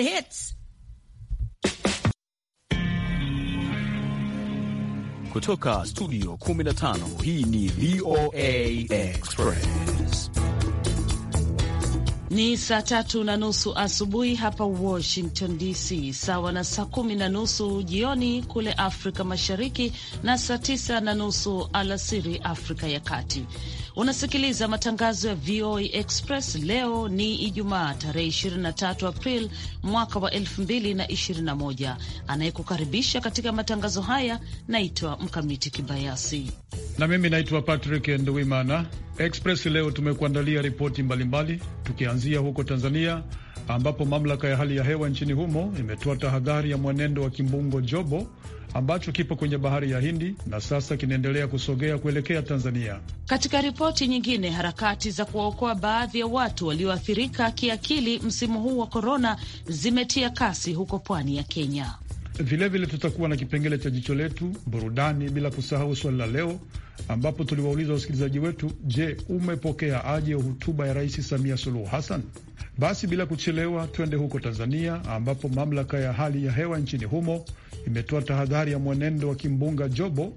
Hits. Kutoka studio 15 hii ni VOA Express. Ni saa tatu na nusu asubuhi hapa Washington DC, sawa na saa kumi na nusu jioni kule Afrika Mashariki na saa tisa na nusu alasiri Afrika ya Kati. Unasikiliza matangazo ya VOA Express. Leo ni Ijumaa tarehe 23 April mwaka wa 2021. Anayekukaribisha katika matangazo haya naitwa Mkamiti Kibayasi na mimi naitwa Patrick Nduwimana. Express leo tumekuandalia ripoti mbalimbali, tukianzia huko Tanzania ambapo mamlaka ya hali ya hewa nchini humo imetoa tahadhari ya mwenendo wa kimbungo Jobo ambacho kipo kwenye bahari ya Hindi na sasa kinaendelea kusogea kuelekea Tanzania. Katika ripoti nyingine, harakati za kuwaokoa baadhi ya watu walioathirika kiakili msimu huu wa korona zimetia kasi huko pwani ya Kenya. Vilevile vile tutakuwa na kipengele cha jicho letu, burudani, bila kusahau swali la leo, ambapo tuliwauliza wasikilizaji wetu, je, umepokea aje hotuba ya Rais Samia Suluhu Hassan? Basi bila kuchelewa, twende huko Tanzania ambapo mamlaka ya hali ya hewa nchini humo imetoa tahadhari ya mwenendo wa kimbunga Jobo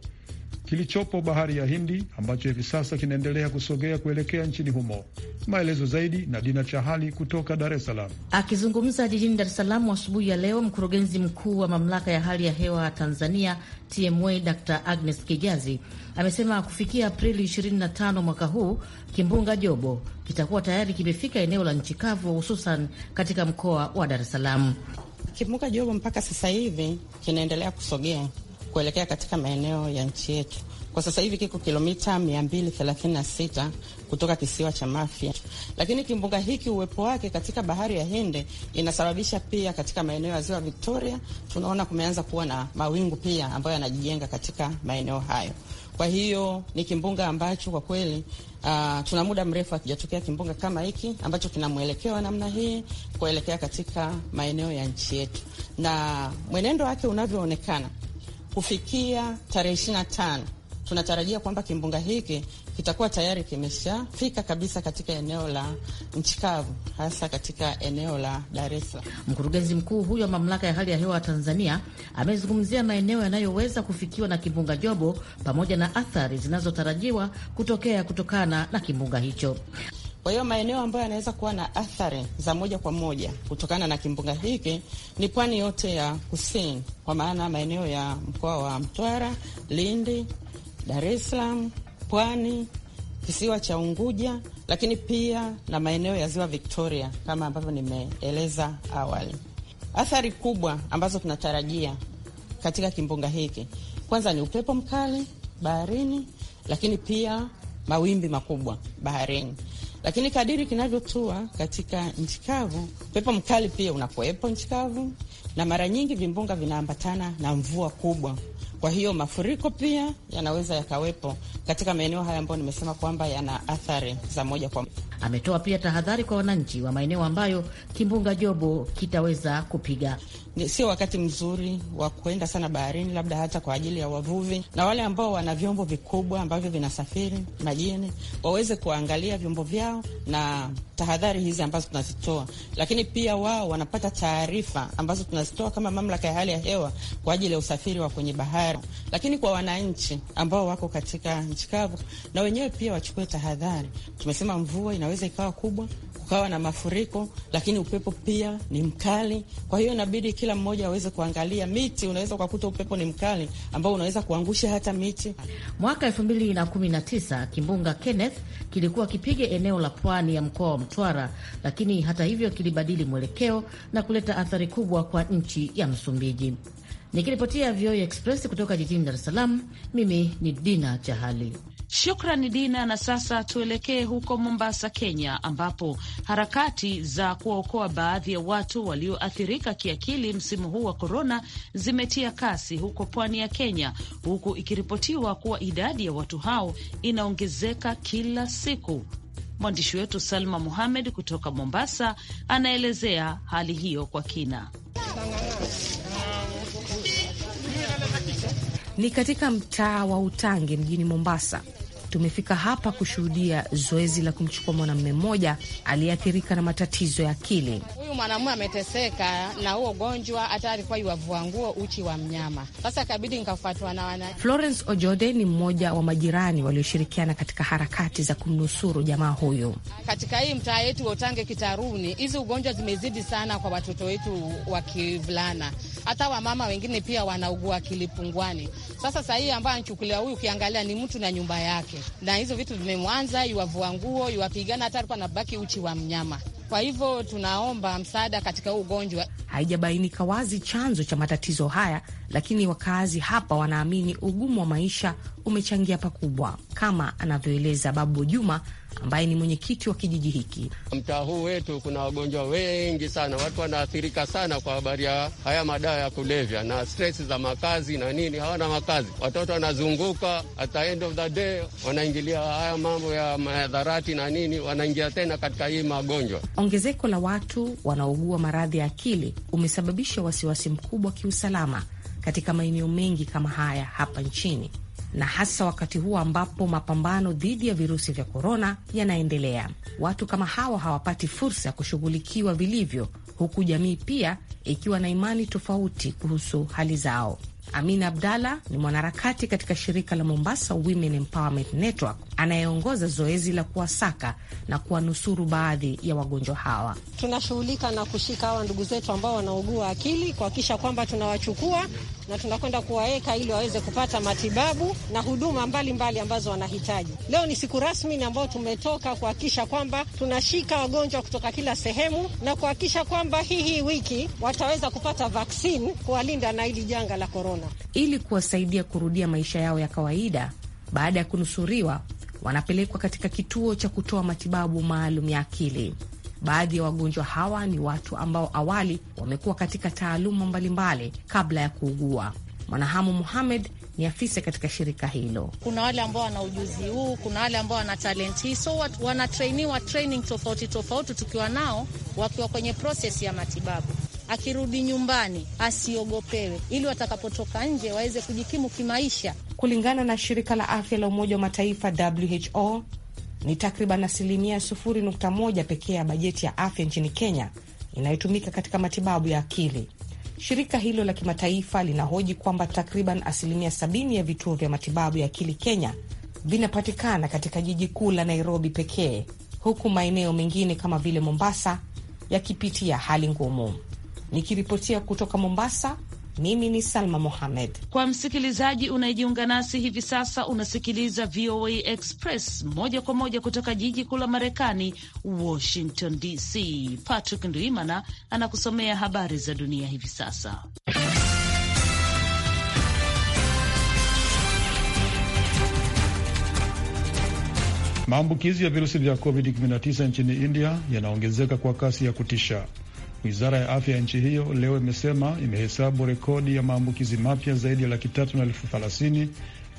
kilichopo bahari ya Hindi ambacho hivi sasa kinaendelea kusogea kuelekea nchini humo. Maelezo zaidi na Dina Chahali kutoka Dar es Salaam. Akizungumza jijini Dar es Salaam asubuhi ya leo, mkurugenzi mkuu wa mamlaka ya hali ya hewa Tanzania TMA Dr Agnes Kijazi amesema kufikia Aprili 25 mwaka huu kimbunga Jobo kitakuwa tayari kimefika eneo la nchi kavu, hususan katika mkoa wa Dar es Salaam. Kimbunga Jobo mpaka sasa hivi kinaendelea kusogea kuelekea katika maeneo ya nchi yetu. Kwa sasa hivi kiko kilomita 236 kutoka kisiwa cha Mafia, lakini kimbunga hiki uwepo wake katika bahari ya Hindi inasababisha pia katika maeneo ya ziwa Victoria tunaona kumeanza kuwa na mawingu pia ambayo yanajijenga katika maeneo hayo. Kwa hiyo ni kimbunga ambacho kwa kweli uh, tuna muda mrefu hakijatokea kimbunga kama hiki ambacho kinamwelekea namna hii kuelekea katika maeneo ya nchi yetu, na mwenendo wake unavyoonekana kufikia tarehe 25 tunatarajia kwamba kimbunga hiki kitakuwa tayari kimeshafika kabisa katika eneo la nchi kavu, hasa katika eneo la Dar es Salaam. Mkurugenzi mkuu huyo wa mamlaka ya hali ya hewa Tanzania amezungumzia maeneo yanayoweza kufikiwa na kimbunga Jobo pamoja na athari zinazotarajiwa kutokea kutokana na kimbunga hicho. Kwa hiyo maeneo ambayo yanaweza kuwa na athari za moja kwa moja kutokana na kimbunga hiki ni pwani yote ya kusini, kwa maana maeneo ya mkoa wa Mtwara, Lindi, Dar es Salaam pwani, kisiwa cha Unguja, lakini pia na maeneo ya ziwa Victoria kama ambavyo nimeeleza awali. Athari kubwa ambazo tunatarajia katika kimbunga hiki, kwanza ni upepo mkali baharini, lakini pia mawimbi makubwa baharini. Lakini kadiri kinavyotua katika nchi kavu, upepo mkali pia unakuwepo nchi kavu, na mara nyingi vimbunga vinaambatana na mvua kubwa kwa hiyo mafuriko pia yanaweza yakawepo katika maeneo haya ambayo nimesema kwamba yana athari za moja kwa moja. Ametoa pia tahadhari kwa wananchi wa maeneo ambayo kimbunga Jobo kitaweza kupiga sio wakati mzuri wa kuenda sana baharini, labda hata kwa ajili ya wavuvi na wale ambao wana vyombo vikubwa ambavyo vinasafiri majini, waweze kuangalia vyombo vyao na tahadhari hizi ambazo tunazitoa, lakini pia wao wanapata taarifa ambazo tunazitoa kama mamlaka ya hali ya hewa kwa ajili ya usafiri wa kwenye bahari. Lakini kwa wananchi ambao wako katika nchi kavu, na wenyewe pia wachukue tahadhari. Tumesema mvua inaweza ikawa kubwa, kukawa na mafuriko, lakini upepo pia ni mkali, kwa hiyo inabidi kila mmoja aweze kuangalia miti. Unaweza ukakuta upepo ni mkali ambao unaweza kuangusha hata miti. Mwaka elfu mbili na kumi na tisa kimbunga Kenneth kilikuwa kipiga eneo la pwani ya mkoa wa Mtwara, lakini hata hivyo kilibadili mwelekeo na kuleta athari kubwa kwa nchi ya Msumbiji. Nikiripotia VOA e Express kutoka jijini Dar es Salaam, mimi ni Dina Chahali. Shukrani Dina. Na sasa tuelekee huko Mombasa, Kenya, ambapo harakati za kuwaokoa baadhi ya watu walioathirika kiakili msimu huu wa korona zimetia kasi huko pwani ya Kenya, huku ikiripotiwa kuwa idadi ya watu hao inaongezeka kila siku. Mwandishi wetu Salma Muhamed kutoka Mombasa anaelezea hali hiyo kwa kina. Ni katika mtaa wa Utange mjini Mombasa tumefika hapa kushuhudia zoezi la kumchukua mwanamume mmoja aliyeathirika na matatizo ya akili. Huyu mwanamume ameteseka na huo ugonjwa, hata alikuwa iwavua nguo uchi wa mnyama. Sasa kabidi nikafuatwa na wana Florence Ojode ni mmoja wa majirani walioshirikiana katika harakati za kumnusuru jamaa huyu. Katika hii mtaa yetu Otange Kitaruni, hizi ugonjwa zimezidi sana kwa watoto wetu wa kivulana, hata wamama wengine pia wanaugua akili pungwani. Sasa sahii ambayo anchukulia huyu, ukiangalia ni mtu na nyumba yake na hizo vitu vimemwanza, yuwavua nguo, yuwapigana, hata alikuwa anabaki uchi wa mnyama. Kwa hivyo tunaomba msaada katika huu ugonjwa. Haijabainika wazi chanzo cha matatizo haya, lakini wakaazi hapa wanaamini ugumu wa maisha umechangia pakubwa, kama anavyoeleza Babu Juma ambaye ni mwenyekiti wa kijiji hiki. Mtaa huu wetu kuna wagonjwa wengi sana, watu wanaathirika sana kwa habari ya haya madawa ya kulevya na stresi za makazi na nini. Hawana makazi, watoto wanazunguka, at the end of the day wanaingilia haya mambo ya madharati na nini, wanaingia tena katika hii magonjwa. Ongezeko la watu wanaougua maradhi ya akili umesababisha wasiwasi mkubwa wa kiusalama katika maeneo mengi kama haya hapa nchini, na hasa wakati huu ambapo mapambano dhidi ya virusi vya korona yanaendelea. Watu kama hawa hawapati fursa ya kushughulikiwa vilivyo, huku jamii pia ikiwa na imani tofauti kuhusu hali zao. Amina Abdalla ni mwanaharakati katika shirika la Mombasa Women Empowerment Network anayeongoza zoezi la kuwasaka na kuwanusuru baadhi ya wagonjwa hawa. Tunashughulika na kushika hawa ndugu zetu ambao wanaugua akili, kuhakikisha kwamba tunawachukua na tunakwenda kuwaweka ili waweze kupata matibabu na huduma mbalimbali mbali ambazo wanahitaji. Leo ni siku rasmi ambayo tumetoka kuhakikisha kwamba tunashika wagonjwa kutoka kila sehemu na kuhakikisha kwamba hii hii wiki wataweza kupata vaksini kuwalinda na hili janga la korona, ili kuwasaidia kurudia maisha yao ya kawaida baada ya kunusuriwa wanapelekwa katika kituo cha kutoa matibabu maalum ya akili. Baadhi ya wagonjwa hawa ni watu ambao awali wamekuwa katika taaluma mbalimbali kabla ya kuugua. Mwanahamu Muhamed ni afisa katika shirika hilo. Kuna wale ambao wana ujuzi huu, kuna wale ambao wana talent hii, so wanatrainiwa training tofauti tofauti, tukiwa nao wakiwa kwenye proses ya matibabu. Akirudi nyumbani asiogopewe, ili watakapotoka nje waweze kujikimu kimaisha. Kulingana na shirika la afya la Umoja wa Mataifa WHO, ni takriban asilimia 0.1 pekee ya bajeti ya afya nchini Kenya inayotumika katika matibabu ya akili. Shirika hilo la kimataifa linahoji kwamba takriban asilimia 70 ya vituo vya matibabu ya akili Kenya vinapatikana katika jiji kuu la Nairobi pekee, huku maeneo mengine kama vile Mombasa yakipitia hali ngumu. Nikiripotia kutoka Mombasa, mimi ni Salma Mohamed. Kwa msikilizaji unayejiunga nasi hivi sasa, unasikiliza VOA Express moja kwa moja kutoka jiji kuu la Marekani, Washington DC. Patrick Ndwimana anakusomea habari za dunia hivi sasa. Maambukizi ya virusi vya COVID-19 nchini India yanaongezeka kwa kasi ya kutisha. Wizara ya afya ya nchi hiyo leo imesema imehesabu rekodi ya maambukizi mapya zaidi ya laki tatu na elfu thelathini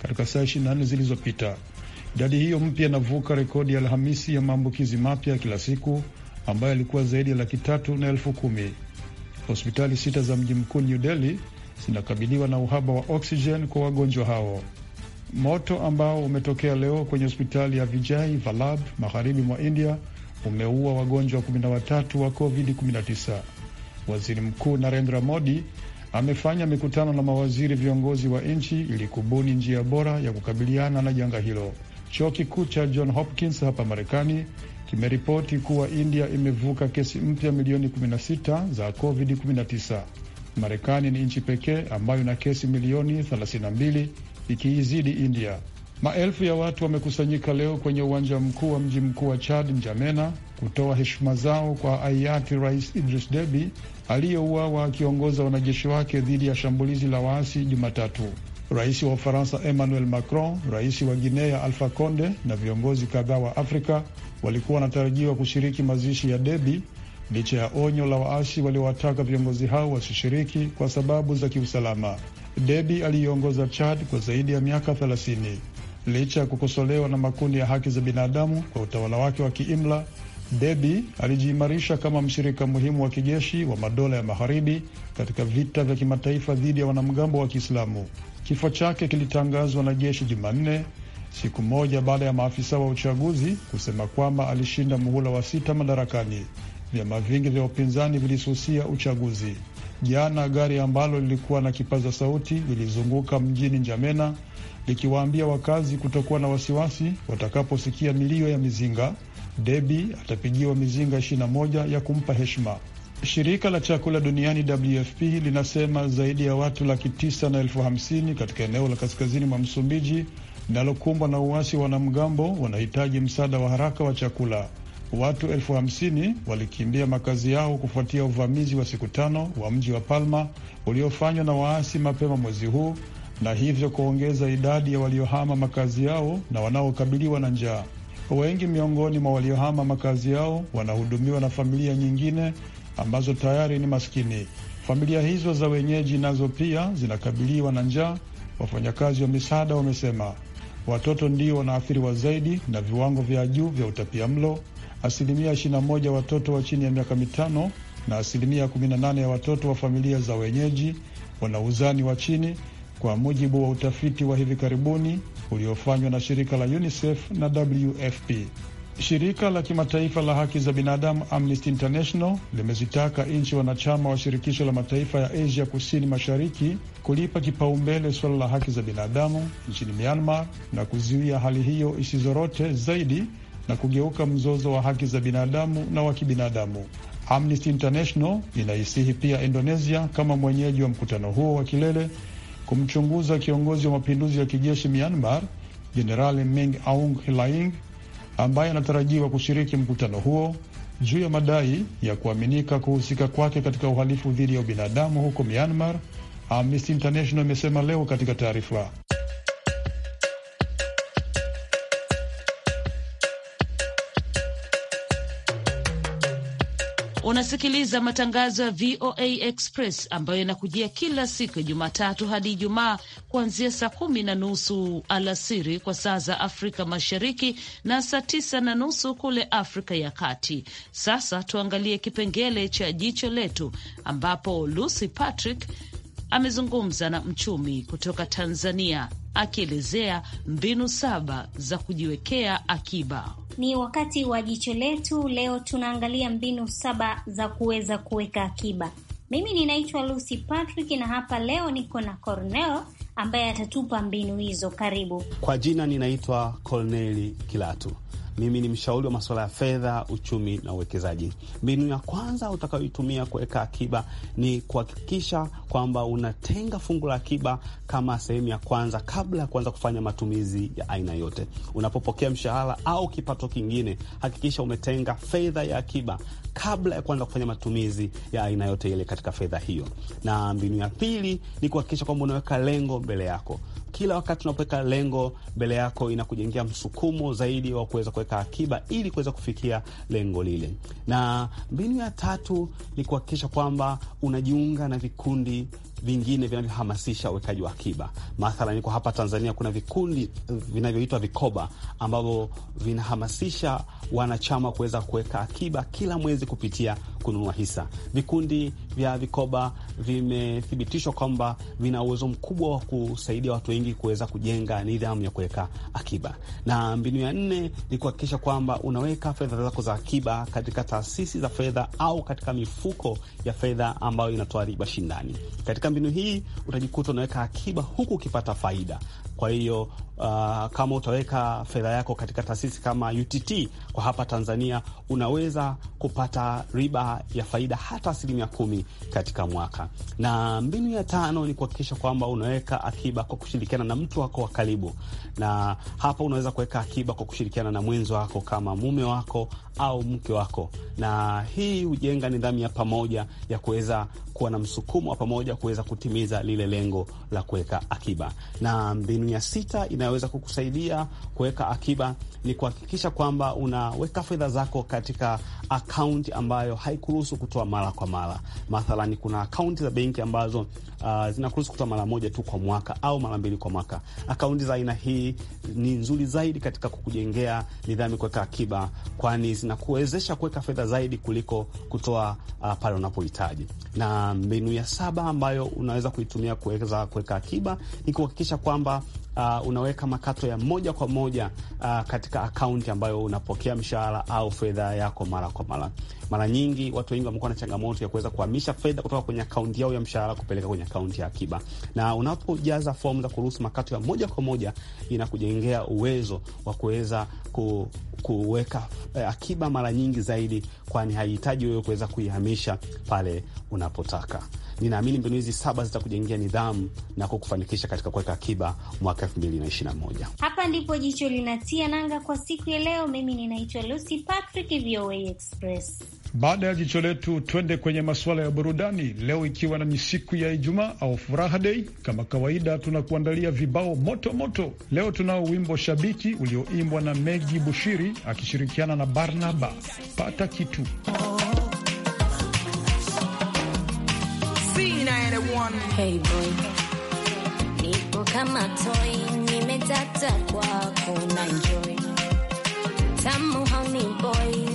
katika saa nne zilizopita. Idadi hiyo mpya inavuka rekodi ya Alhamisi ya maambukizi mapya kila siku ambayo ilikuwa zaidi ya laki tatu na elfu kumi. Hospitali sita za mji mkuu New Delhi zinakabiliwa na uhaba wa oksijen kwa wagonjwa hao. Moto ambao umetokea leo kwenye hospitali ya vijai Vallabh magharibi mwa India umeua wagonjwa 13 wa COVID-19. Waziri Mkuu Narendra Modi amefanya mikutano na mawaziri viongozi wa nchi ili kubuni njia bora ya kukabiliana na janga hilo. Chuo kikuu cha John Hopkins hapa Marekani kimeripoti kuwa India imevuka kesi mpya milioni 16 za COVID-19. Marekani ni nchi pekee ambayo ina kesi milioni 32 ikiizidi India. Maelfu ya watu wamekusanyika leo kwenye uwanja mkuu wa mji mkuu wa Chad, Njamena, kutoa heshima zao kwa hayati Rais Idris Deby aliyeuawa akiongoza wanajeshi wake dhidi ya shambulizi la waasi Jumatatu. Rais wa Ufaransa Emmanuel Macron, rais wa Guinea Alfa Conde na viongozi kadhaa wa Afrika walikuwa wanatarajiwa kushiriki mazishi ya Deby licha ya onyo la waasi waliowataka viongozi hao wasishiriki kwa sababu za kiusalama. Deby aliiongoza Chad kwa zaidi ya miaka licha ya kukosolewa na makundi ya haki za binadamu kwa utawala wake wa kiimla. Debi alijiimarisha kama mshirika muhimu wa kijeshi wa madola ya magharibi katika vita vya kimataifa dhidi ya wanamgambo wa Kiislamu. Kifo chake kilitangazwa na jeshi Jumanne, siku moja baada ya maafisa wa uchaguzi kusema kwamba alishinda muhula wa sita madarakani. Vyama vingi vya upinzani vilisusia uchaguzi. Jana gari ambalo lilikuwa na kipaza sauti lilizunguka mjini Njamena likiwaambia wakazi kutokuwa na wasiwasi watakaposikia milio ya mizinga. Debi atapigiwa mizinga 21 ya kumpa heshima. Shirika la chakula duniani WFP linasema zaidi ya watu laki tisa na elfu hamsini katika eneo la kaskazini mwa Msumbiji linalokumbwa na uasi wa wanamgambo wanahitaji msaada wa haraka wa chakula. Watu elfu hamsini walikimbia makazi yao kufuatia uvamizi wa siku tano wa mji wa Palma uliofanywa na waasi mapema mwezi huu na hivyo kuongeza idadi ya waliohama makazi yao na wanaokabiliwa na njaa. Wengi miongoni mwa waliohama makazi yao wanahudumiwa na familia nyingine ambazo tayari ni maskini. Familia hizo za wenyeji nazo pia zinakabiliwa na njaa, wafanyakazi wa misaada wamesema. Watoto ndio wanaathiriwa zaidi na viwango vya juu vya utapia mlo. Asilimia 21 watoto wa chini ya miaka mitano na asilimia 18 ya watoto wa familia za wenyeji wana uzani wa chini kwa mujibu wa utafiti wa hivi karibuni uliofanywa na shirika la UNICEF na WFP. Shirika la kimataifa la haki za binadamu Amnesty International limezitaka nchi wanachama wa shirikisho la mataifa ya Asia kusini mashariki kulipa kipaumbele suala la haki za binadamu nchini Myanmar na kuzuia hali hiyo isizorote zaidi na kugeuka mzozo wa haki za binadamu na wa kibinadamu. Amnesty International inaisihi pia Indonesia kama mwenyeji wa mkutano huo wa kilele kumchunguza kiongozi wa mapinduzi ya kijeshi Myanmar, Jenerali Ming Aung Hlaing ambaye anatarajiwa kushiriki mkutano huo juu ya madai ya kuaminika kuhusika kwake katika uhalifu dhidi ya ubinadamu huko Myanmar, Amnesty International imesema leo katika taarifa. Unasikiliza matangazo ya VOA Express ambayo inakujia kila siku ya Jumatatu hadi Ijumaa kuanzia saa kumi na nusu alasiri kwa saa za Afrika Mashariki na saa tisa na nusu kule Afrika ya Kati. Sasa tuangalie kipengele cha jicho letu, ambapo Lucy Patrick amezungumza na mchumi kutoka Tanzania akielezea mbinu saba za kujiwekea akiba. Ni wakati wa jicho letu. Leo tunaangalia mbinu saba za kuweza kuweka akiba. Mimi ninaitwa Lucy Patrick na hapa leo niko na Cornel ambaye atatupa mbinu hizo. Karibu. Kwa jina ninaitwa Corneli Kilatu. Mimi ni mshauri wa masuala ya fedha, uchumi na uwekezaji. Mbinu ya kwanza utakayoitumia kuweka akiba ni kuhakikisha kwamba unatenga fungu la akiba kama sehemu ya kwanza, kabla ya kuanza kufanya matumizi ya aina yote. Unapopokea mshahara au kipato kingine, hakikisha umetenga fedha ya akiba kabla ya kuanza kufanya matumizi ya aina yote ile katika fedha hiyo. Na mbinu ya pili ni kuhakikisha kwamba unaweka lengo mbele yako. Kila wakati unapoweka lengo mbele yako, inakujengea msukumo zaidi wa kuweza kuweka akiba ili kuweza kufikia lengo lile. Na mbinu ya tatu ni kuhakikisha kwamba unajiunga na vikundi vingine vinavyohamasisha uwekaji wa akiba. Mathalani, kwa hapa Tanzania kuna vikundi vinavyoitwa vikoba ambavyo vinahamasisha wanachama kuweza kuweka akiba kila mwezi kupitia kununua hisa. Vikundi vya vikoba vimethibitishwa kwamba vina uwezo mkubwa wa kusaidia watu wengi kuweza kujenga nidhamu ya kuweka akiba. Na mbinu ya nne ni kuhakikisha kwamba unaweka fedha zako za akiba katika taasisi za fedha au katika mifuko ya fedha ambayo inatoa riba shindani. Katika mbinu hii utajikuta unaweka akiba huku ukipata faida. Kwa hiyo Uh, kama utaweka fedha yako katika taasisi kama UTT kwa hapa Tanzania, unaweza kupata riba ya faida hata asilimia kumi katika mwaka. Na mbinu ya tano ni kuhakikisha kwamba unaweka akiba kwa kushirikiana na mtu wako wa karibu, na hapa unaweza kuweka akiba kwa kushirikiana na mwenzi wako kama mume wako au mke wako, na hii hujenga nidhamu ya pamoja ya kuweza kuwa na msukumo wa pamoja kuweza kutimiza lile lengo la kuweka akiba. Na mbinu ya sita ina inayoweza kukusaidia kuweka akiba ni kuhakikisha kwamba unaweka fedha zako katika akaunti ambayo haikuruhusu kutoa mara kwa mara. Mathalani, kuna akaunti za benki ambazo uh, zinakuruhusu kutoa mara moja tu kwa mwaka au mara mbili kwa mwaka. Akaunti za aina hii ni nzuri zaidi katika kukujengea nidhamu kuweka akiba, kwani zinakuwezesha kuweka fedha zaidi kuliko kutoa uh, pale unapohitaji. Na mbinu ya saba ambayo unaweza kuitumia kuweza kuweka akiba ni kuhakikisha kwamba Uh, unaweka makato ya moja kwa moja uh, katika akaunti ambayo unapokea mshahara au fedha yako mara kwa mara mara nyingi watu wengi wamekuwa na changamoto ya kuweza kuhamisha fedha kutoka kwenye akaunti yao ya mshahara kupeleka kwenye akaunti ya akiba, na unapojaza fomu za kuruhusu makato ya moja kwa moja inakujengea uwezo wa kuweza ku, kuweka eh, akiba mara nyingi zaidi, kwani haihitaji wewe kuweza kuihamisha pale unapotaka. Ninaamini mbinu hizi saba zitakujengea nidhamu na kukufanikisha katika kuweka akiba mwaka elfu mbili na na moja. Hapa ndipo jicho linatia nanga kwa siku ya leo. Mimi ninaitwa Lucy Patrick, VOA Express. Baada ya jicho letu, twende kwenye masuala ya burudani leo, ikiwa na ni siku ya Ijumaa au furaha dei. Kama kawaida, tunakuandalia vibao moto moto. Leo tunao wimbo Shabiki ulioimbwa na Megi Bushiri akishirikiana na Barnaba. Pata kitu hey boy. tamu honey boy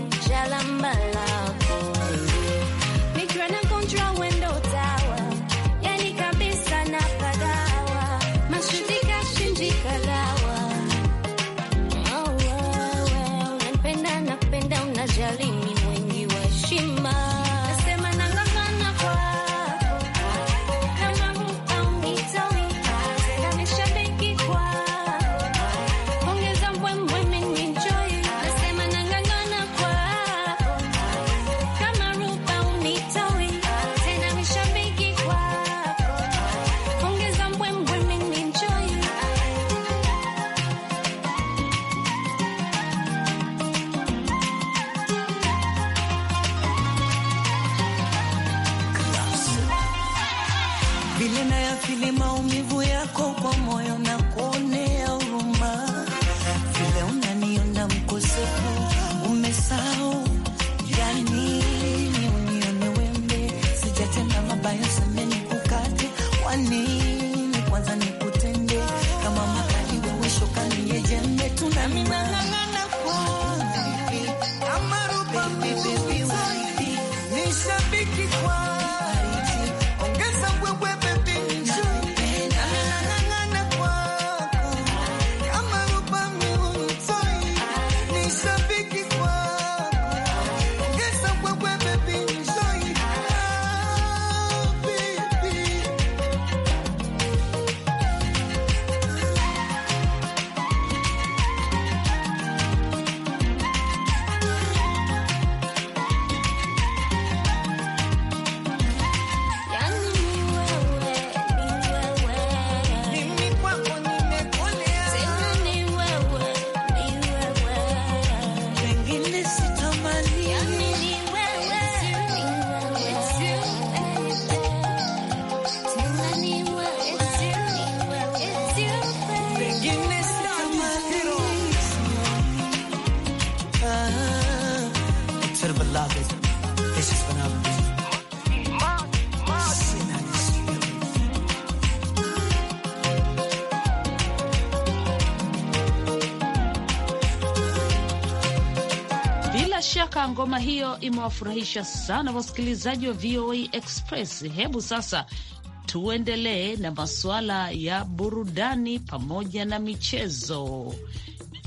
ngoma hiyo imewafurahisha sana wasikilizaji wa VOA Express. Hebu sasa tuendelee na masuala ya burudani pamoja na michezo.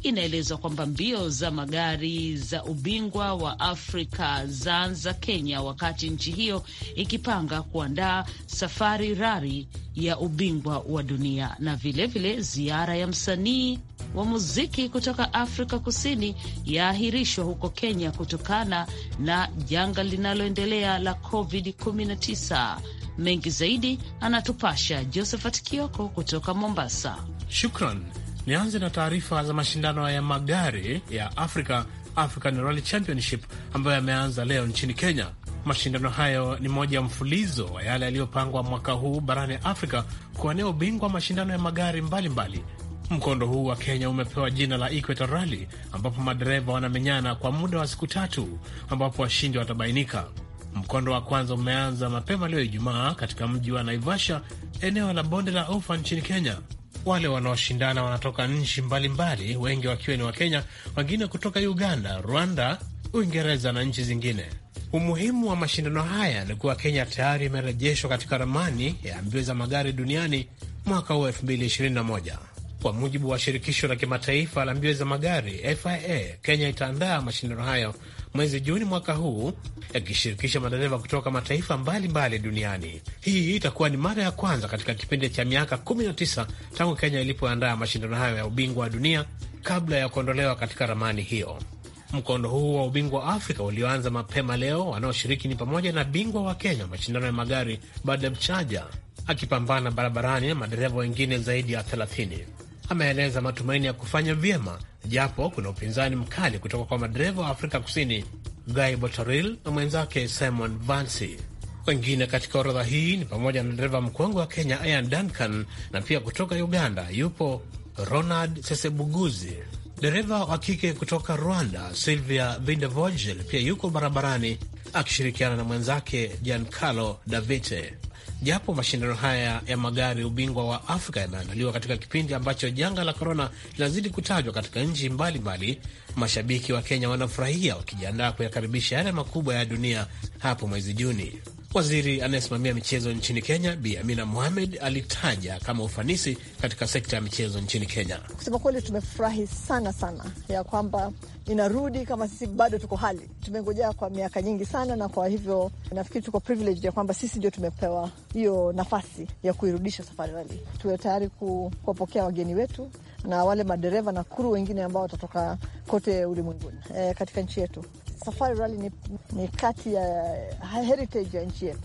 Inaelezwa kwamba mbio za magari za ubingwa wa Afrika zaanza Kenya, wakati nchi hiyo ikipanga kuandaa safari rari ya ubingwa wa dunia na vilevile vile ziara ya msanii wa muziki kutoka Afrika Kusini yaahirishwa huko Kenya kutokana na janga linaloendelea la COVID-19. Mengi zaidi anatupasha Josephat Kioko kutoka Mombasa. Shukran. Nianze na taarifa za mashindano ya magari ya Africa, African Rally Championship ambayo yameanza leo nchini Kenya. Mashindano hayo ni moja ya mfulizo wa yale yaliyopangwa mwaka huu barani Afrika kuwania ubingwa mashindano ya magari mbalimbali mbali. Mkondo huu wa Kenya umepewa jina la Equator Rally, ambapo madereva wanamenyana kwa muda wa siku tatu, ambapo washindi watabainika. Mkondo wa kwanza umeanza mapema leo Ijumaa katika mji wa Naivasha, eneo la bonde la Ufa nchini Kenya. Wale wanaoshindana wanatoka nchi mbalimbali, wengi wakiwa ni Wakenya, wengine kutoka Uganda, Rwanda, Uingereza na nchi zingine. Umuhimu wa mashindano haya ni kuwa Kenya tayari imerejeshwa katika ramani ya mbio za magari duniani mwaka huu 221 kwa mujibu wa shirikisho la kimataifa la mbio za magari FIA, Kenya itaandaa mashindano hayo mwezi Juni mwaka huu yakishirikisha madereva kutoka mataifa mbalimbali mbali duniani. Hii itakuwa ni mara ya kwanza katika kipindi cha miaka 19 tangu Kenya ilipoandaa mashindano hayo ya ubingwa wa dunia kabla ya kuondolewa katika ramani hiyo. Mkondo huu wa ubingwa wa Afrika ulioanza mapema leo, wanaoshiriki ni pamoja na bingwa wa Kenya mashindano ya magari Badem Chaja akipambana barabarani na madereva wengine zaidi ya 30 ameeleza matumaini ya kufanya vyema japo kuna upinzani mkali kutoka kwa madereva wa Afrika Kusini Guy Botoril na mwenzake Simon Vansi. Wengine katika orodha hii ni pamoja na dereva mkongwe wa Kenya Ian Duncan na pia kutoka Uganda yupo Ronald Sesebuguzi. Dereva wa kike kutoka Rwanda Silvia Vindevogel pia yuko barabarani akishirikiana na mwenzake Giancarlo Davite. Japo mashindano haya ya magari ubingwa wa Afrika yameandaliwa katika kipindi ambacho janga la korona linazidi kutajwa katika nchi mbalimbali, mashabiki wa Kenya wanafurahia wakijiandaa kuyakaribisha yale makubwa ya dunia hapo mwezi Juni. Waziri anayesimamia michezo nchini Kenya Bi Amina Mohamed alitaja kama ufanisi katika sekta ya michezo nchini Kenya. Kusema kweli, tumefurahi sana sana ya kwamba inarudi kama sisi bado tuko hali tumengojea kwa miaka nyingi sana, na kwa hivyo nafikiri tuko privileged ya kwamba sisi ndio tumepewa hiyo nafasi ya kuirudisha Safari Rali. Tuwe tayari kuwapokea wageni wetu na wale madereva na kuru wengine ambao watatoka kote ulimwenguni e, katika nchi yetu. Safari Rally ni, ni kati ya heritage ya nchi yetu.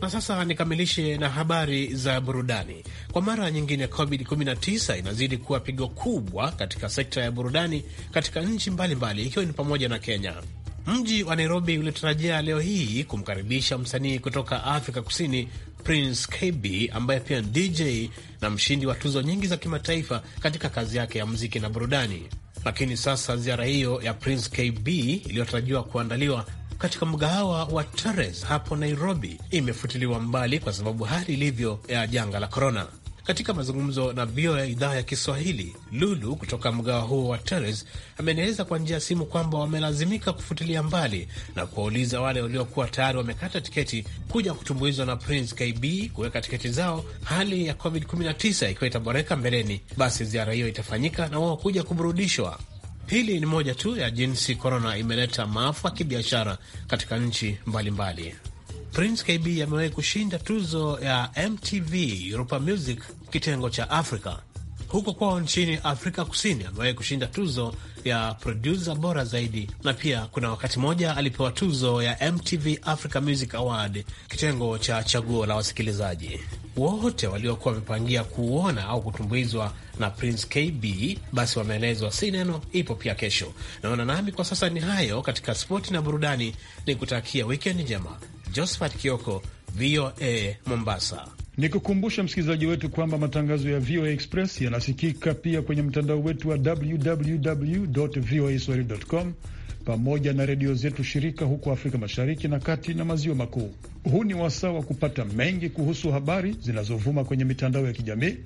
Na sasa nikamilishe na habari za burudani. Kwa mara nyingine, COVID-19 inazidi kuwa pigo kubwa katika sekta ya burudani katika nchi mbalimbali, ikiwa ni pamoja na Kenya. Mji wa Nairobi ulitarajia leo hii kumkaribisha msanii kutoka Afrika Kusini Prince KB ambaye pia ni DJ na mshindi wa tuzo nyingi za kimataifa katika kazi yake ya muziki na burudani. Lakini sasa ziara hiyo ya Prince KB iliyotarajiwa kuandaliwa katika mgahawa wa Teres hapo Nairobi imefutiliwa mbali kwa sababu hali ilivyo ya janga la korona. Katika mazungumzo na VOA idhaa ya Kiswahili, Lulu kutoka mgawa huo wa Teres amenieleza kwa njia ya simu kwamba wamelazimika kufutilia mbali na kuwauliza wale waliokuwa tayari wamekata tiketi kuja kutumbuizwa na Prince KB kuweka tiketi zao. Hali ya COVID-19 ikiwa itaboreka mbeleni, basi ziara hiyo itafanyika na wao kuja kuburudishwa. Hili ni moja tu ya jinsi korona imeleta maafa kibiashara katika nchi mbalimbali mbali. Prince KB amewahi kushinda tuzo ya MTV Europa Music kitengo cha Africa. Huko kwao nchini Afrika Kusini amewahi kushinda tuzo ya produsa bora zaidi, na pia kuna wakati mmoja alipewa tuzo ya MTV Africa Music Award kitengo cha chaguo la wasikilizaji. Wote waliokuwa wamepangia kuona au kutumbuizwa na Prince KB basi wameelezwa si neno, ipo pia kesho. Naona nami kwa sasa ni hayo katika spoti na burudani, ni kutakia wikendi njema. Josephat Kioko, VOA Mombasa. Ni kukumbusha msikilizaji wetu kwamba matangazo ya VOA Express yanasikika pia kwenye mtandao wetu wa www voa swahili com pamoja na redio zetu shirika huko Afrika Mashariki na kati na maziwa makuu. Huu ni wasaa wa kupata mengi kuhusu habari zinazovuma kwenye mitandao ya kijamii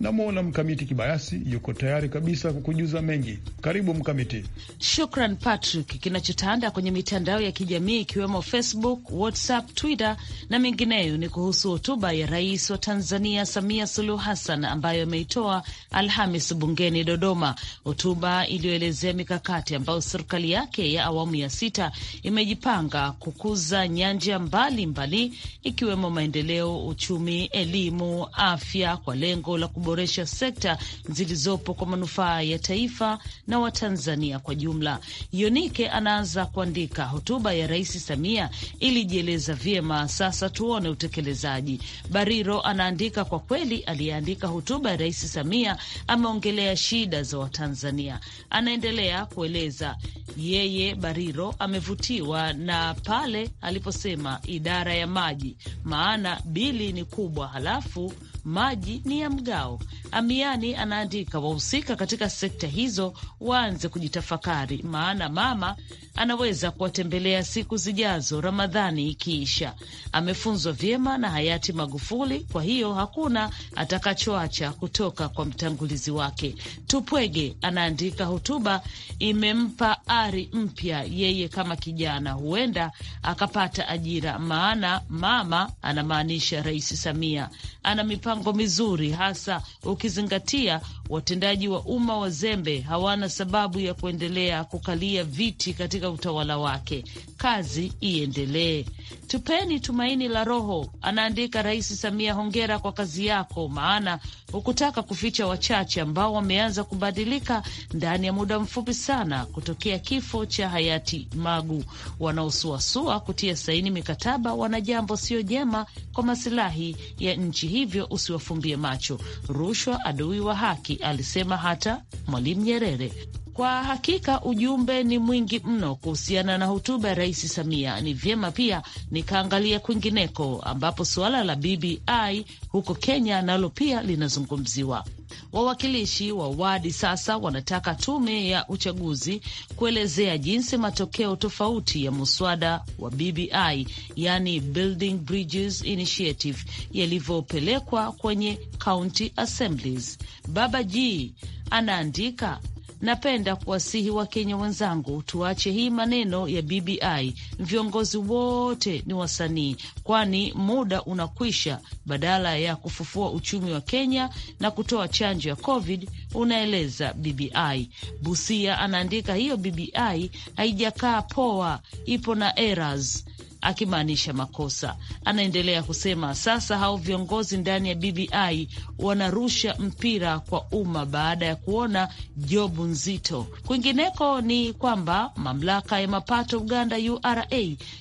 Namwona Mkamiti Kibayasi yuko tayari kabisa kukujuza mengi. Karibu Mkamiti. Shukran Patrick. Kinachotanda kwenye mitandao ya kijamii ikiwemo Facebook, WhatsApp, Twitter na mengineyo ni kuhusu hotuba ya Rais wa Tanzania Samia Suluhu Hassan ambayo ameitoa Alhamis bungeni Dodoma, hotuba iliyoelezea mikakati ambayo serikali yake ya awamu ya sita imejipanga kukuza nyanja mbalimbali ikiwemo maendeleo, uchumi, elimu, afya kwa lengo la kubo kuboresha sekta zilizopo kwa manufaa ya taifa na Watanzania kwa jumla. Yonike anaanza kuandika, hotuba ya Rais Samia ilijieleza vyema, sasa tuone utekelezaji. Bariro anaandika, kwa kweli aliyeandika hotuba ya Rais Samia ameongelea shida za Watanzania. Anaendelea kueleza yeye Bariro amevutiwa na pale aliposema idara ya maji, maana bili ni kubwa, halafu maji ni ya mgao. Amiani anaandika wahusika katika sekta hizo waanze kujitafakari, maana mama anaweza kuwatembelea siku zijazo, Ramadhani ikiisha. Amefunzwa vyema na hayati Magufuli, kwa hiyo hakuna atakachoacha kutoka kwa mtangulizi wake. Tupwege anaandika hotuba imempa ari mpya, yeye kama kijana huenda akapata ajira, maana mama anamaanisha Rais Samia ana mipa mipango mizuri, hasa ukizingatia watendaji wa umma wazembe hawana sababu ya kuendelea kukalia viti katika utawala wake. Kazi iendelee, tupeni tumaini la roho, anaandika Rais Samia. Hongera kwa kazi yako, maana hukutaka kuficha wachache ambao wameanza kubadilika ndani ya muda mfupi sana kutokea kifo cha hayati Magu. Wanaosuasua kutia saini mikataba wana jambo sio jema kwa masilahi ya nchi, hivyo usiwafumbie macho, rushwa adui wa haki, alisema hata Mwalimu Nyerere. Kwa hakika ujumbe ni mwingi mno kuhusiana na hotuba ya Rais Samia. Ni vyema pia nikaangalia kwingineko, ambapo suala la BBI huko Kenya nalo pia linazungumziwa. Wawakilishi wa wadi sasa wanataka tume ya uchaguzi kuelezea jinsi matokeo tofauti ya muswada wa BBI, yani Building Bridges Initiative, yalivyopelekwa kwenye county assemblies. Baba G anaandika Napenda kuwasihi Wakenya wenzangu, tuache hii maneno ya BBI. Viongozi wote ni wasanii, kwani muda unakwisha. Badala ya kufufua uchumi wa Kenya na kutoa chanjo ya COVID, unaeleza BBI. Busia anaandika hiyo BBI haijakaa poa, ipo na errors akimaanisha makosa. Anaendelea kusema sasa hao viongozi ndani ya BBI wanarusha mpira kwa umma baada ya kuona jobu nzito. Kwingineko ni kwamba mamlaka ya mapato Uganda, URA,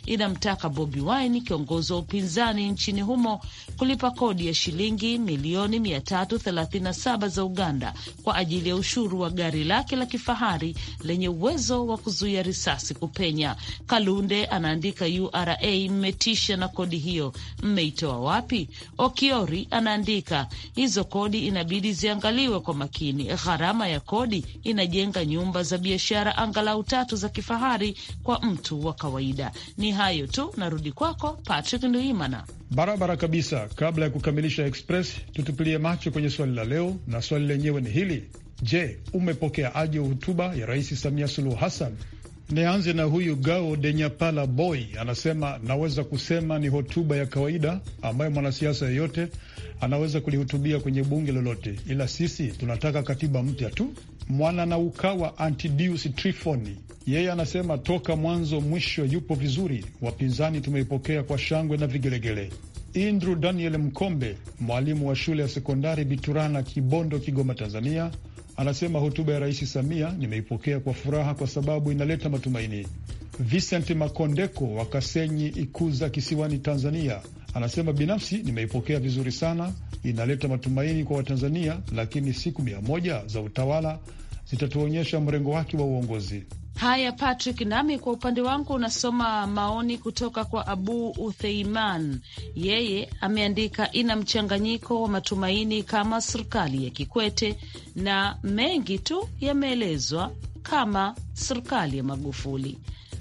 inamtaka Bobi Wine, kiongozi wa upinzani nchini humo, kulipa kodi ya shilingi milioni 337 za Uganda kwa ajili ya ushuru wa gari lake la kifahari lenye uwezo wa kuzuia risasi kupenya. Kalunde anaandika URA TRA mmetisha na kodi hiyo, mmeitoa wapi? Okiori anaandika hizo kodi inabidi ziangaliwe kwa makini. Gharama ya kodi inajenga nyumba za biashara angalau tatu za kifahari kwa mtu wa kawaida. Ni hayo tu, narudi kwako Patrick Nduimana. Barabara kabisa. Kabla ya kukamilisha Express, tutupilie macho kwenye swali la leo, na swali lenyewe ni hili: Je, umepokea aje hotuba ya Rais Samia Suluhu Hassan Nianze na huyu Gao Denyapala Boy, anasema naweza kusema ni hotuba ya kawaida ambayo mwanasiasa yeyote anaweza kulihutubia kwenye bunge lolote, ila sisi tunataka katiba mpya tu. Mwana na ukawa Antidius Trifoni, yeye anasema toka mwanzo mwisho yupo vizuri, wapinzani tumeipokea kwa shangwe na vigelegele. Indru Daniel Mkombe, mwalimu wa shule ya sekondari Biturana, Kibondo, Kigoma, Tanzania, Anasema hotuba ya Rais Samia nimeipokea kwa furaha kwa sababu inaleta matumaini. Vincent Makondeko wa Kasenyi Ikuza kisiwani Tanzania anasema binafsi nimeipokea vizuri sana, inaleta matumaini kwa Watanzania, lakini siku mia moja za utawala zitatuonyesha mrengo wake wa uongozi. Haya, Patrick, nami kwa upande wangu unasoma maoni kutoka kwa Abu Utheiman. Yeye ameandika ina mchanganyiko wa matumaini kama serikali ya Kikwete na mengi tu yameelezwa kama serikali ya Magufuli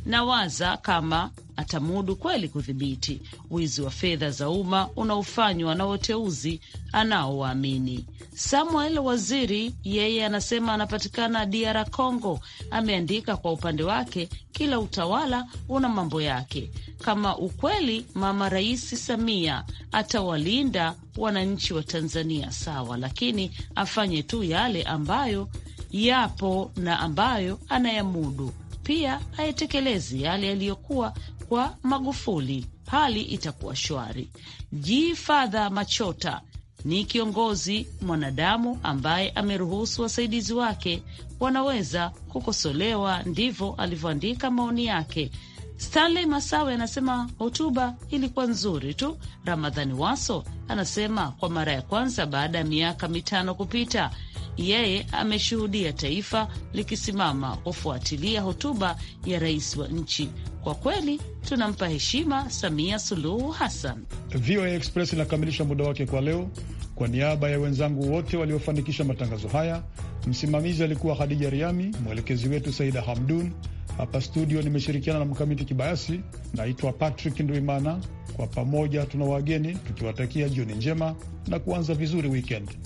nawaza kama atamudu kweli kudhibiti wizi wa fedha za umma unaofanywa na wateuzi anaowaamini. Samuel Waziri yeye anasema anapatikana DR Congo. Ameandika kwa upande wake, kila utawala una mambo yake. Kama ukweli mama Rais Samia atawalinda wananchi wa Tanzania sawa, lakini afanye tu yale ambayo yapo na ambayo anayamudu pia hayatekelezi yale yaliyokuwa kwa Magufuli, hali itakuwa shwari. G Fadha Machota ni kiongozi mwanadamu ambaye ameruhusu wasaidizi wake wanaweza kukosolewa, ndivyo alivyoandika maoni yake. Stanley Masawe anasema hotuba ilikuwa nzuri tu. Ramadhani Waso anasema kwa mara ya kwanza baada ya miaka mitano kupita yeye ameshuhudia taifa likisimama kufuatilia hotuba ya rais wa nchi. Kwa kweli tunampa heshima Samia Suluhu Hassan. VOA Express inakamilisha muda wake kwa leo. Kwa niaba ya wenzangu wote waliofanikisha matangazo haya, msimamizi alikuwa Hadija Riami, mwelekezi wetu Saida Hamdun. Hapa studio nimeshirikiana na Mkamiti Kibayasi. Naitwa Patrick Ndwimana. Kwa pamoja tuna wageni tukiwatakia jioni njema na kuanza vizuri wikendi.